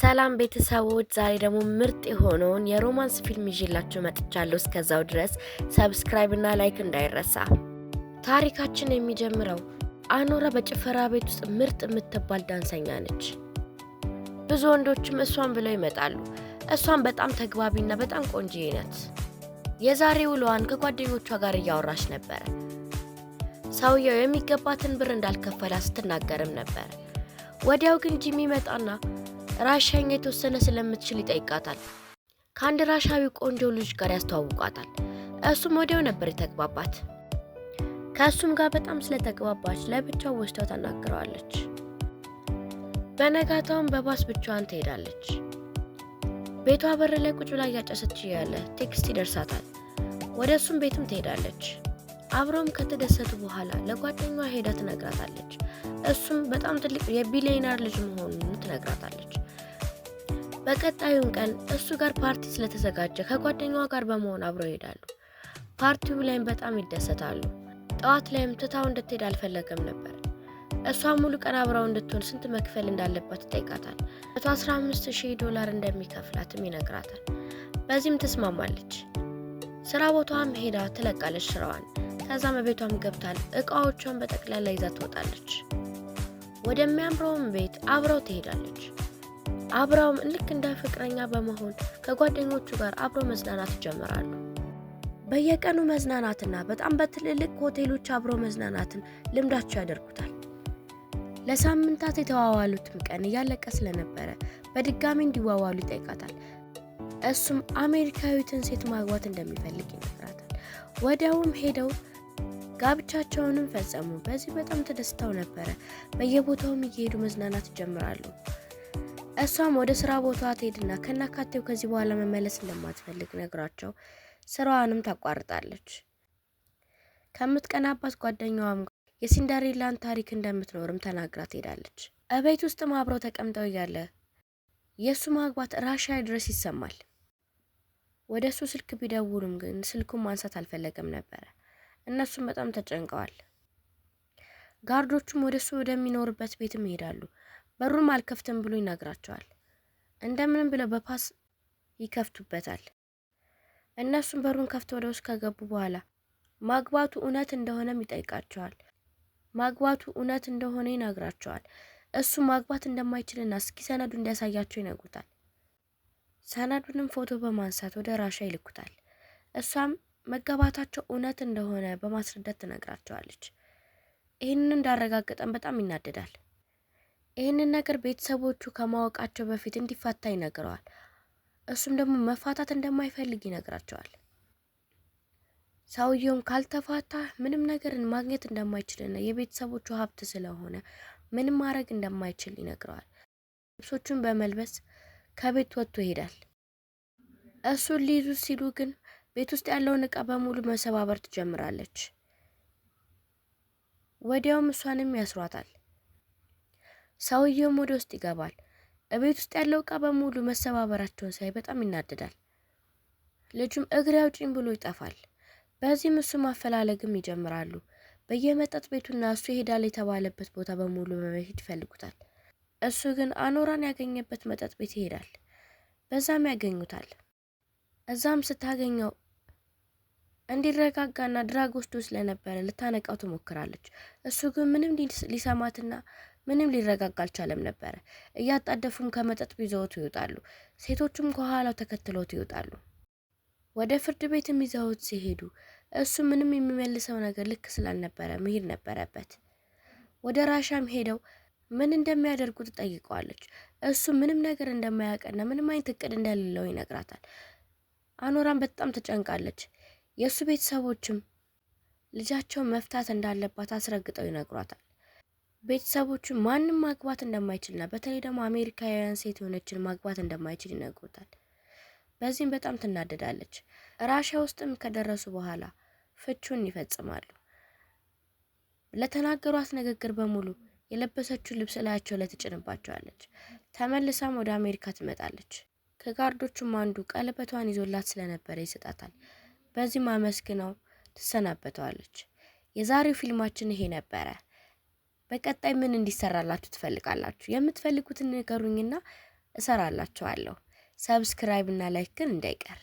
ሰላም ቤተሰቦች፣ ዛሬ ደግሞ ምርጥ የሆነውን የሮማንስ ፊልም ይዤላችሁ መጥቻለሁ። እስከዛው ድረስ ሰብስክራይብ እና ላይክ እንዳይረሳ። ታሪካችን የሚጀምረው አኖራ በጭፈራ ቤት ውስጥ ምርጥ የምትባል ዳንሰኛ ነች። ብዙ ወንዶችም እሷን ብለው ይመጣሉ። እሷን በጣም ተግባቢና በጣም ቆንጂ ነት። የዛሬ ውሏን ከጓደኞቿ ጋር እያወራች ነበረ። ሰውየው የሚገባትን ብር እንዳልከፈላ ስትናገርም ነበር። ወዲያው ግን ጂሚ ይመጣና ራሻኛ የተወሰነ ስለምትችል ይጠይቃታል። ከአንድ ራሻዊ ቆንጆ ልጅ ጋር ያስተዋውቃታል። እሱም ወዲያው ነበር የተግባባት። ከእሱም ጋር በጣም ስለተግባባች ለብቻው ወስዳው ታናግረዋለች። በነጋታውም በባስ ብቻዋን ትሄዳለች። ቤቷ በር ላይ ቁጭ ብላ እያጨሰች እያለ ቴክስት ይደርሳታል። ወደ እሱም ቤትም ትሄዳለች። አብረውም ከተደሰቱ በኋላ ለጓደኛዋ ሄዳ ትነግራታለች። እሱም በጣም ትልቅ የቢሊዮነር ልጅ መሆኑን ትነግራታለች። በቀጣዩም ቀን እሱ ጋር ፓርቲ ስለተዘጋጀ ከጓደኛዋ ጋር በመሆን አብረው ይሄዳሉ። ፓርቲው ላይም በጣም ይደሰታሉ። ጠዋት ላይም ትታው እንድትሄድ አልፈለገም ነበር። እሷ ሙሉ ቀን አብረው እንድትሆን ስንት መክፈል እንዳለባት ይጠይቃታል። 115000 ሺህ ዶላር እንደሚከፍላትም ይነግራታል። በዚህም ትስማማለች። ስራ ቦታዋም ሄዳ ትለቃለች ስራዋን። ከዛም ቤቷም ገብታል እቃዎቿን በጠቅላላ ይዛ ትወጣለች። ወደሚያምረውም ቤት አብረው ትሄዳለች። አብረውም ልክ እንደ ፍቅረኛ በመሆን ከጓደኞቹ ጋር አብሮ መዝናናት ይጀምራሉ። በየቀኑ መዝናናትና በጣም በትልልቅ ሆቴሎች አብሮ መዝናናትን ልምዳቸው ያደርጉታል። ለሳምንታት የተዋዋሉትም ቀን እያለቀ ስለነበረ በድጋሚ እንዲዋዋሉ ይጠይቃታል። እሱም አሜሪካዊትን ሴት ማግባት እንደሚፈልግ ይነግራታል። ወዲያውም ሄደው ጋብቻቸውንም ፈጸሙ። በዚህ በጣም ተደስተው ነበረ። በየቦታውም እየሄዱ መዝናናት ይጀምራሉ። እሷም ወደ ስራ ቦታ ትሄድና ከናካቴው ከዚህ በኋላ መመለስ እንደማትፈልግ ነግራቸው ስራዋንም ታቋርጣለች። ከምትቀናባት ጓደኛዋም ጋር የሲንደሬላን ታሪክ እንደምትኖርም ተናግራ ትሄዳለች። እቤት ውስጥም አብረው ተቀምጠው እያለ የእሱ ማግባት ራሻ ድረስ ይሰማል። ወደ እሱ ስልክ ቢደውሉም ግን ስልኩን ማንሳት አልፈለገም ነበረ። እነሱም በጣም ተጨንቀዋል። ጋርዶቹም ወደ እሱ ወደሚኖርበት ቤትም ይሄዳሉ። በሩን አልከፍትም ብሎ ይነግራቸዋል። እንደምንም ብለው በፓስ ይከፍቱበታል። እነሱም በሩን ከፍተው ወደ ውስጥ ከገቡ በኋላ ማግባቱ እውነት እንደሆነም ይጠይቃቸዋል። ማግባቱ እውነት እንደሆነ ይነግራቸዋል። እሱ ማግባት እንደማይችልና እስኪ ሰነዱ እንዲያሳያቸው ይነግሩታል። ሰነዱንም ፎቶ በማንሳት ወደ ራሻ ይልኩታል። እሷም መጋባታቸው እውነት እንደሆነ በማስረዳት ትነግራቸዋለች። ይህንን እንዳረጋገጠን በጣም ይናደዳል። ይህንን ነገር ቤተሰቦቹ ከማወቃቸው በፊት እንዲፋታ ይነግረዋል። እሱም ደግሞ መፋታት እንደማይፈልግ ይነግራቸዋል። ሰውየውም ካልተፋታ ምንም ነገርን ማግኘት እንደማይችልና የቤተሰቦቹ ሀብት ስለሆነ ምንም ማድረግ እንደማይችል ይነግረዋል። ልብሶቹን በመልበስ ከቤት ወጥቶ ይሄዳል። እሱን ሊይዙ ሲሉ ግን ቤት ውስጥ ያለውን እቃ በሙሉ መሰባበር ትጀምራለች። ወዲያውም እሷንም ያስሯታል። ሰውየውም ወደ ውስጥ ይገባል። እቤት ውስጥ ያለው እቃ በሙሉ መሰባበራቸውን ሳይ በጣም ይናደዳል። ልጁም እግሬ አውጪኝ ብሎ ይጠፋል። በዚህም እሱ ማፈላለግም ይጀምራሉ። በየመጠጥ ቤቱና እሱ ይሄዳል የተባለበት ቦታ በሙሉ በመሄድ ይፈልጉታል። እሱ ግን አኖራን ያገኘበት መጠጥ ቤት ይሄዳል። በዛም ያገኙታል። እዛም ስታገኘው እንዲረጋጋና ድራግ ወስዶ ስለነበረ ልታነቃው ትሞክራለች። እሱ ግን ምንም ሊሰማትና ምንም ሊረጋጋ አልቻለም ነበረ። እያጣደፉም ከመጠጥ ይዘውት ይወጣሉ። ሴቶቹም ከኋላው ተከትሎት ይወጣሉ። ወደ ፍርድ ቤትም ይዘውት ሲሄዱ እሱ ምንም የሚመልሰው ነገር ልክ ስላልነበረ መሄድ ነበረበት። ወደ ራሻም ሄደው ምን እንደሚያደርጉት ጠይቀዋለች። እሱ ምንም ነገር እንደማያውቅና ምንም አይነት እቅድ እንደሌለው ይነግራታል። አኖራም በጣም ተጨንቃለች። የእሱ ቤተሰቦችም ልጃቸውን መፍታት እንዳለባት አስረግጠው ይነግሯታል። ቤተሰቦቹ ማንም ማግባት እንደማይችልና በተለይ ደግሞ አሜሪካውያን ሴት የሆነችን ማግባት እንደማይችል ይነግሩታል። በዚህም በጣም ትናደዳለች። ራሻ ውስጥም ከደረሱ በኋላ ፍቹን ይፈጽማሉ። ለተናገሯት ንግግር በሙሉ የለበሰችውን ልብስ ላያቸው ላይ ትጭንባቸዋለች። ተመልሳም ወደ አሜሪካ ትመጣለች። ከጋርዶቹም አንዱ ቀለበቷን ይዞላት ስለነበረ ይሰጣታል። በዚህም አመስግነው ትሰናበተዋለች። የዛሬው ፊልማችን ይሄ ነበረ። በቀጣይ ምን እንዲሰራላችሁ ትፈልጋላችሁ? የምትፈልጉትን ነገሩኝና እሰራላችኋለሁ። ሰብስክራይብ እና ላይክን እንዳይቀር